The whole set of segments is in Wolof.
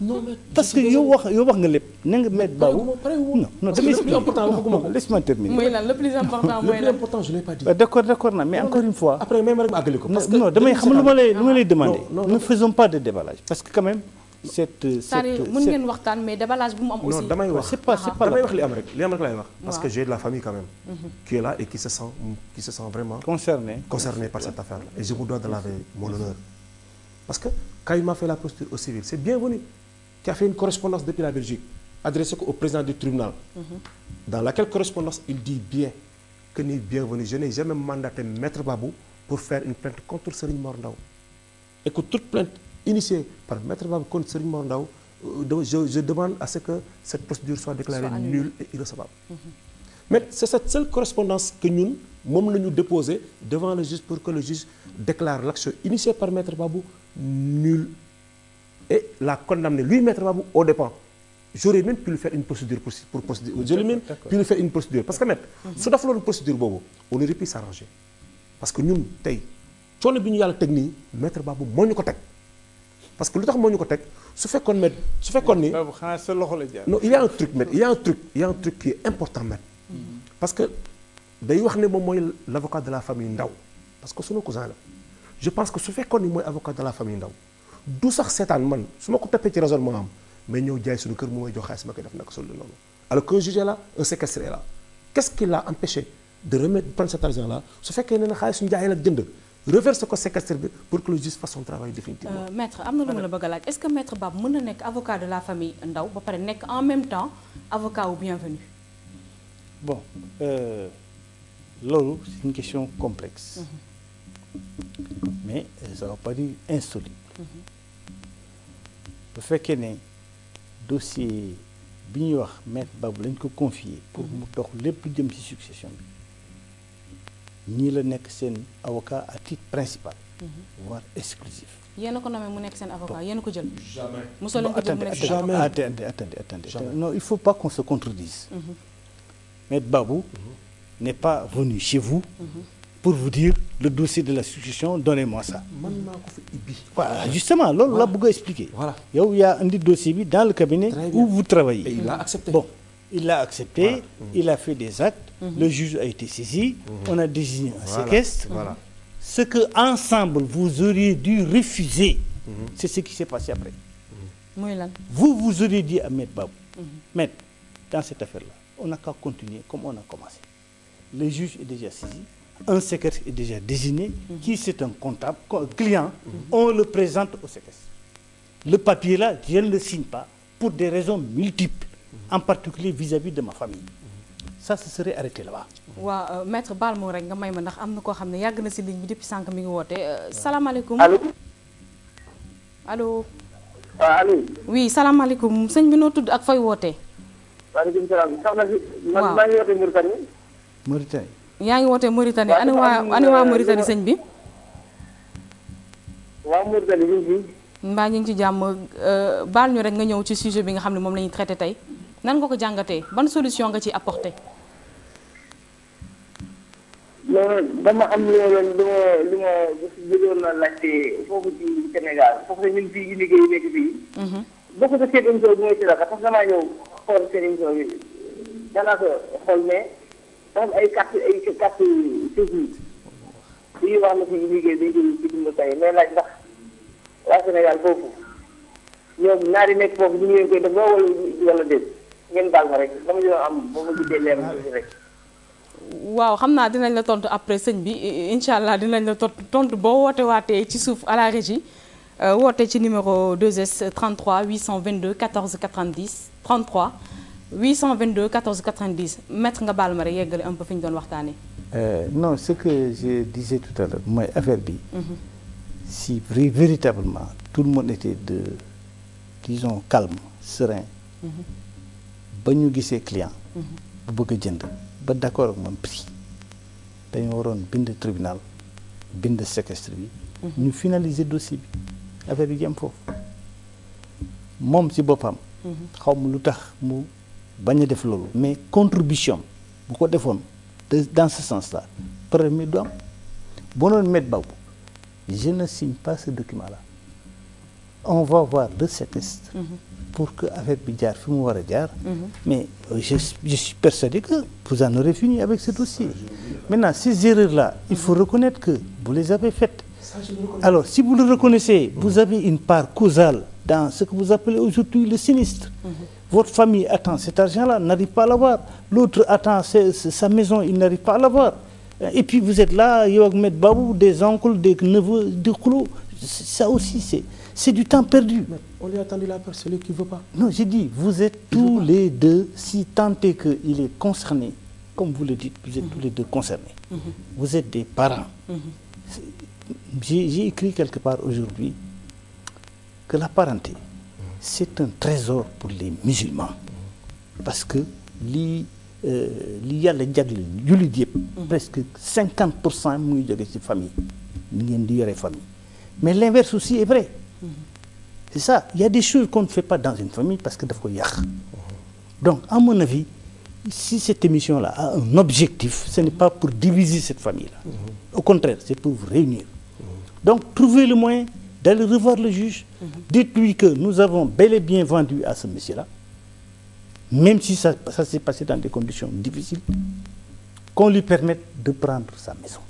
non mais parce que yow wax nga lépp na nga mettre baaw. non non damay expliqué laisse terminer. mooy naa mais encore une fois. après damay xam lu ma lay lu ne faisons pas de déballage parce que quand même. cette cette ngeen waxtaan mais déballage bu mu am aussi. damay wax c'est pas c'est pas damay wax li am rek li am rek laay wax. parce que j'ai de la famille quand même. Mhm. et qui se sent concerné par cette affaire là. et je vous dois de laver mon parce que quand m'a fait la posture qui a fait une correspondance depuis la Belgique adressée au président du tribunal mm -hmm. dans laquelle correspondance il dit bien que ni bienvenu je n'ai jamais mandaté maître Babou pour faire une plainte contre Serigne Mor Ndao et que toute plainte initiée par maître Babou contre Serigne Mor Ndao euh, je, demande à ce que cette procédure soit déclarée nulle et irrecevable mm -hmm. mais c'est cette seule correspondance que ñun moom la ñu devant le et l'a condamné lui-même au dépens. J'aurais même pu lui faire une procédure pour, pour procédure. J'aurais même pu lui faire une procédure. Parce que même, si on une procédure, on aurait pu s'arranger. Parce que nous, tay, si on a la technique, maître Babou, moi, nous parce que lu tax moo ñu ko teg su fekkoon met su fekkoon ni non il y a un truc met il y a un truc il y a un truc qui est important met mhm. parce que day wax ne moom mooy l' avocat de la famille Ndaw parce que sunu cousin la je pense que su fekkoon ni mooy avocat de la famille Ndaw du sax seetaan man su ma ko toppee ci raisonnement am mais ñëw jaay suñu kër mu may jox xaalis ma koy def naka sollu noonu alors qu'un juge est là un séquestré est l'a empêché de remettre prendre cet argent là su fekkee ne na xaalis suñu jaay la jënd reverse ko séquestre bi pour que le juge euh, a laaj est-ce que maître Bab mën na nekk avocat de la famille euh, loolu c'est une question complexe. Mm-hmm. mais euh, ça pas dire insoluble. Mm-hmm. bu fekkee ne dossier bi ñuy wax maître Babou lañ ko confier pour mu mhm. dox lépp jëm ci succession bi ñii la nekk seen avocat à titre principal mhm. voire exclusif yéen ko nommé mu nekk seen avocat yéen a ko jël. jamais ko jël mu nekk seen avocat attendez attendez attendez non il faut pas qu'on se contredise. Mhm. maître Babou pas venu chez vous. pour vous dire le dossier de la succession donnez-moi ça. man justement la bëgg a expliquer. voilà yow yaa indi dossier bi dans le cabinet. où vous travaillez. l'a bon il l'a accepté. il a fait des actes. Mm -hmm. le juge a été saisi. Mm on a désigné un mhm. voilà. ce que ensemble vous auriez dû refuser. Mhm. c'est ce qui s'est passé après. Mhm. vous vous auriez dit à Babou. maître dans cette affaire là on n'a qu'à continuer comme on a commencé. le juge est déjà saisi. un secrétaire est déjà désigné, qui c'est un comptable, client, on le présente au secrétaire. Le papier la je ne le signe pas pour des raisons multiples, en particulier vis-à-vis de ma famille. ça se serait arrêté là-bas. waaw euh, maître baal moom rek nga may ma ndax am na koo xam ne yàgg na si ligne bi depuis sànq mi ngi woote euh, salaamaaleykum. allo allo. waaw ah, allo. oui sëñ bi noo tudd ak foy wootee. waaleykum salaam waaw yaa ngi woote Mauritanie ana waa ana waa Mauritanie sëñ bi. waa Mauritanie ngi mbaa ñu ngi ci jàmm euh, baal ñu rek nga ñëw ci sujet bi nga xam ne moom lañuy ñuy traité tey nan nga ko jàngatee ban solution nga ci apporté. loolu dama am loolu lu ma lu ma bëggoon na laajte foofu ci Sénégal parce que ñun fii mhm. bi mooy si la parce que damaa ñëw xool seen dafa am ay carte ay carte séjour yi wax na fi liggéey dañ koy ci dund laaj ndax waa Sénégal foofu ñoom nekk foofu ñu ngi leen ma rek dama doon am ba ma xam naa dinañ la tontu après sëñ bi incha allah dinañ la tontu boo woote waatee ci suuf à la régie euh, woote ci numéro 2S 33 822 14 90 33. 822 14 90 maître nga baal ma rek yeggale un peu fi ñu doon waxtaanee. Euh, non ce que je disais tout à l'heure mooy affaire bi. Mhm. si véritablement tout le monde de disons calme serein. Mhm. ba ñu gisee client. Mhm. bu bëgg a jënd ba d'accord ak moom prix dañu waroon bind tribunal bind séquestre bi. ñu finaliser dossier bi affaire bi jëm foofu moom ci boppam. xaw ma lu tax mu. bañ a def loolu mais contribution bu ko defoon dans ce sens là problème du am boo doon mettre baabu je ne signe pas ce document là on va voir le séquestre mm-hmm. pour que affaire bi jaar fi mu war a jaar mm-hmm. mais je, suis persuadé que vous en aurez fini avec ce dossier maintenant ces erreurs là il faut mm-hmm. reconnaître que vous les avez faites alors si vous le reconnaissez vous avez une part causale dans ce que vous appelez aujourd'hui le sinistre. Votre famille attend cet argent-là, n'arrive pas à l'avoir. L'autre attend sa, sa maison, il n'arrive pas à l'avoir. Et puis vous êtes là, yow ak Babou, des oncles, des neveux, des clos. Ça aussi, c'est c'est du temps perdu. a tendu la Non, j'ai dit, vous êtes tous les deux, si tant est est concerné, comme vous le dites, vous êtes mm-hmm. tous les deux concernés. Mm-hmm. Vous êtes des parents. Mm-hmm. j'ai écrit quelque part aujourd'hui que la parenté c'est un trésor pour les musulmans parce que lii euh, li yàlla jagle jullit yëpp presque cinquante pour cent muy joge ci famille ni ngeen di yore famille mais l'inverse aussi est vrai c'est ça il y a des qu'on ne fait pas dans une famille parce que daf ko yàq donc à mon avis si cette émission la a un objectif ce n'est pas pour diviser cette famille là au contraire c'est pour vous réunir donc trouver le moyen d'aller revoir le juge. Mhm. Dites-lui que nous avons bel et bien vendu à ce monsieur-là, même si ça, ça s'est passé dans des conditions difficiles, qu'on lui permette de prendre sa maison.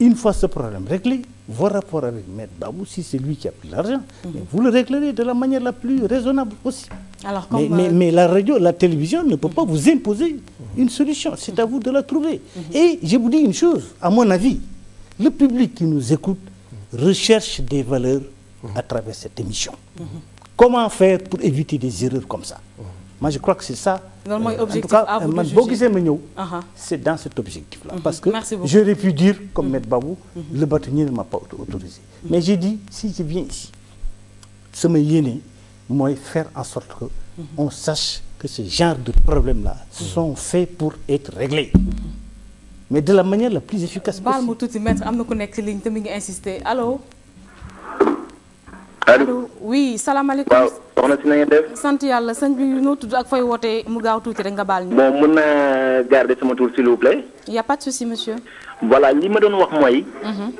Une fois ce problème réglé, vos rapports avec Maître Babou, si c'est lui qui a pris l'argent, mm -hmm. vous le réglerez de la manière la plus raisonnable aussi. mais, mais, euh, mais, la radio, la télévision ne peut mhm. pas vous imposer mhm. une solution. C'est à vous de la trouver. Et je vous dis une chose, recherche des valeurs à travers cette émission. comment faire pour éviter des erreurs comme ça. moi je crois que c'est ça. loolu mooy objectif euh, en tout cas man ma ñëw. c'est dans cet objectif là. Mhm. parce que j'aurais pu dire comme mhm. maître Babou. Mhm. le bâtonnier ne m'a pas autorisé. mais j'ai dit si je viens ici sama yéene mooy faire en sorte que on sache que ce genre de problème là sont faits pour être réglés. mais de la manière la plus efficace baal ma tuuti maître am na ku nekk ci ligne te mi ngi insister allo. allo oui salaamaaleykum. waaw na ngeen def. sant yàlla sëñ bi noo tudd ak fooy wootee mu gaaw tuuti rek nga baal ñu. bon mun naa garder sama tour s'il vous plaît. y a pas monsieur. voilà li ma doon wax mooy. Mhm.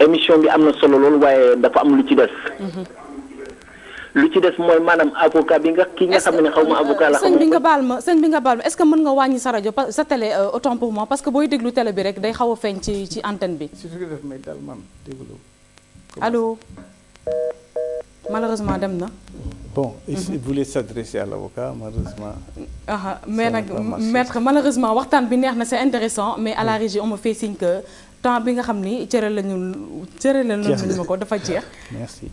émission bi am na solo loolu waaye dafa am lu ci des. Mhm. lu ci des mooy maanaam avocat bi nga ki nga xam ne xaw ma avocat la xaw ma bi nga baal ma sëñ bi nga baal ma est-ce que mën nga wàññi sa rajo sa télé euh, autant pour moi parce que booy a ci ci antenne bi. si suñu def may dal man déglu. allô malheureusement dem na. bon il voulait s'adresser à l'avocat malheureusement. ah, ah mais nag maître malheureusement waxtaan bi neex na c'est intéressant mais à la régie on me temps bi nga xam ni cëral lañu cëral lañu ma ko dafa jeex. merci.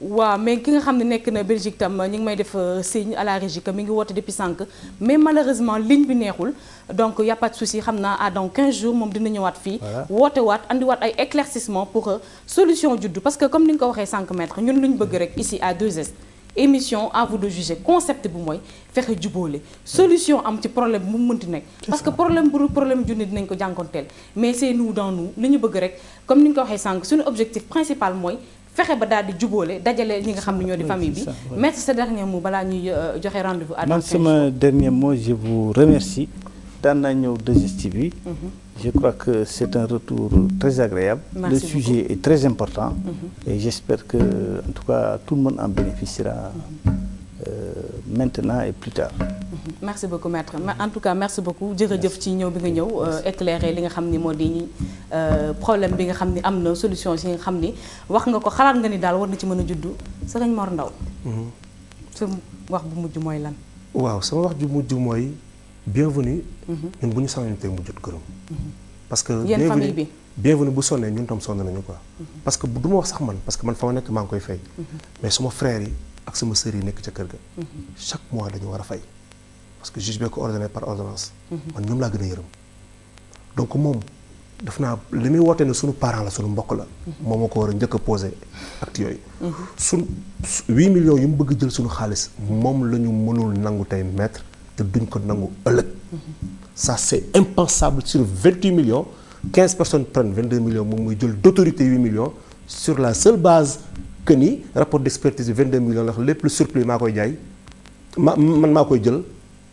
waaw mais ki nga xam ne nekk na Belgique tam ñu ngi may def euh, signe à la régie mi ngi woote depuis sànq mais malheureusement ligne bi neexul donc y' a pas xam naa à ah, dans 15 jours moom dina ñëwaat fii. woote waat andiwaat ay euh, solution juddu parce que comme ni nga ko waxee sànq maître ñu bëgg rek ici à 2S émission à vous de juger concept bu mooy fexe jubóole solution am ci problème bu mu mënti nekk. parce que problème bu problème junni dinañ ko jànkoonteel mais c'est nous dans nous li ñu bëgg rek comme ni nga ko waxee sànq suñu objectif principal mooy. fexe ba daal di juboole dajale ñi nga xam ne ñoo di famille bi maître sa dernier mot balaa ñuy euh, joxe rendez-vous à man sama dernier mot je vous remercie daan naa ñëw digestive bi mhm. je crois que c'est un retour très agréable le sujet beaucoup. est très important mhm. et j'espère que en tout cas tout le monde en bénéficiera mhm. euh, maintenant et plus tard merci beaucoup maître en tout cas merci beaucoup jërëjëf ci ñëw bi nga ñëw euh, éclairer li nga xam ni moo di euh, problème bi nga xam ni am na solution si nga xam ni wax nga ko xalaat nga ni daal war na ci mën a juddu sëriñ Mor Ndaw mhm. sa wax bu mujj mooy lan waaw sama wax ju mujj mooy bienvenue mhm. ñun bu ñu sañoon tey mu jot këram mhm. parce que yéen famille bi bienvenue bu sonnee ñun tam sonn nañu quoi parce que du ma wax sax man parce que man fa ma nekk maa ngi koy fay mais suma frère yi ak sama sœur yi nekk ca kër ga chaque mois dañu war a fay parce que juge bee ko ordonné par ordonnance. man ñoom laa gën a yërëm. donc moom def naa li muy woote ne sunu parent la sunu mbokk la. moom moo ko war a njëkk a posé acte yooyu. sunu huit millions yu mu bëgg jël sunu xaalis moom la ñu mënul nangu tey maître te duñ ko nangu ëllëg. ça c'est impensable sur vingt huit millions quinze personnes prennent vingt deux millions moom muy jël d'autorité huit millions sur la seule base que ni rapport d'expertise bi vingt deux millions ndax lépp lu surplus maa koy jaay ma man maa koy jël.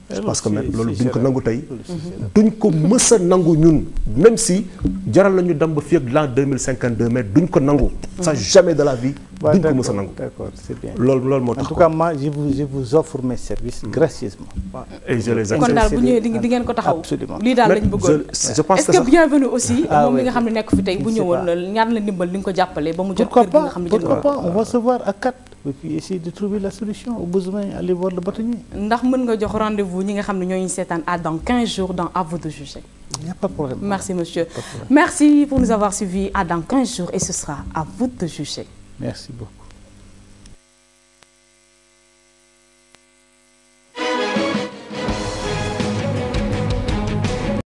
je loolu duñ ko nangu tey mhm. duñ ko mës nangu ñun même si jaral nañu dem ba fii ak l'an duñ ko nangu ça mhm. jamais moo tax en tout cas moi je vous mhm. gracieusement et je daal bu ñëwee di ngeen ko taxaw lii daal lañ bëggoon je pense que est-ce aussi ah moom mi nga xam ne nekk fi tey bu ñëwoon ñaan la ndimbal li nga ko jàppale ba mu jot kër gi nga xam ne pourquoi pas on va voir à quatre et puis essayer de trouver la solution au besoin aller voir le bâtonnier. ndax mën nga jox rendez-vous ñi nga xam ne ñooñu seetaan à dans 15 jours dans à vous de juger. il n'y a pas de problème. merci monsieur merci pour nous avoir suivis à dans quinze jours et ce sera à vous juger.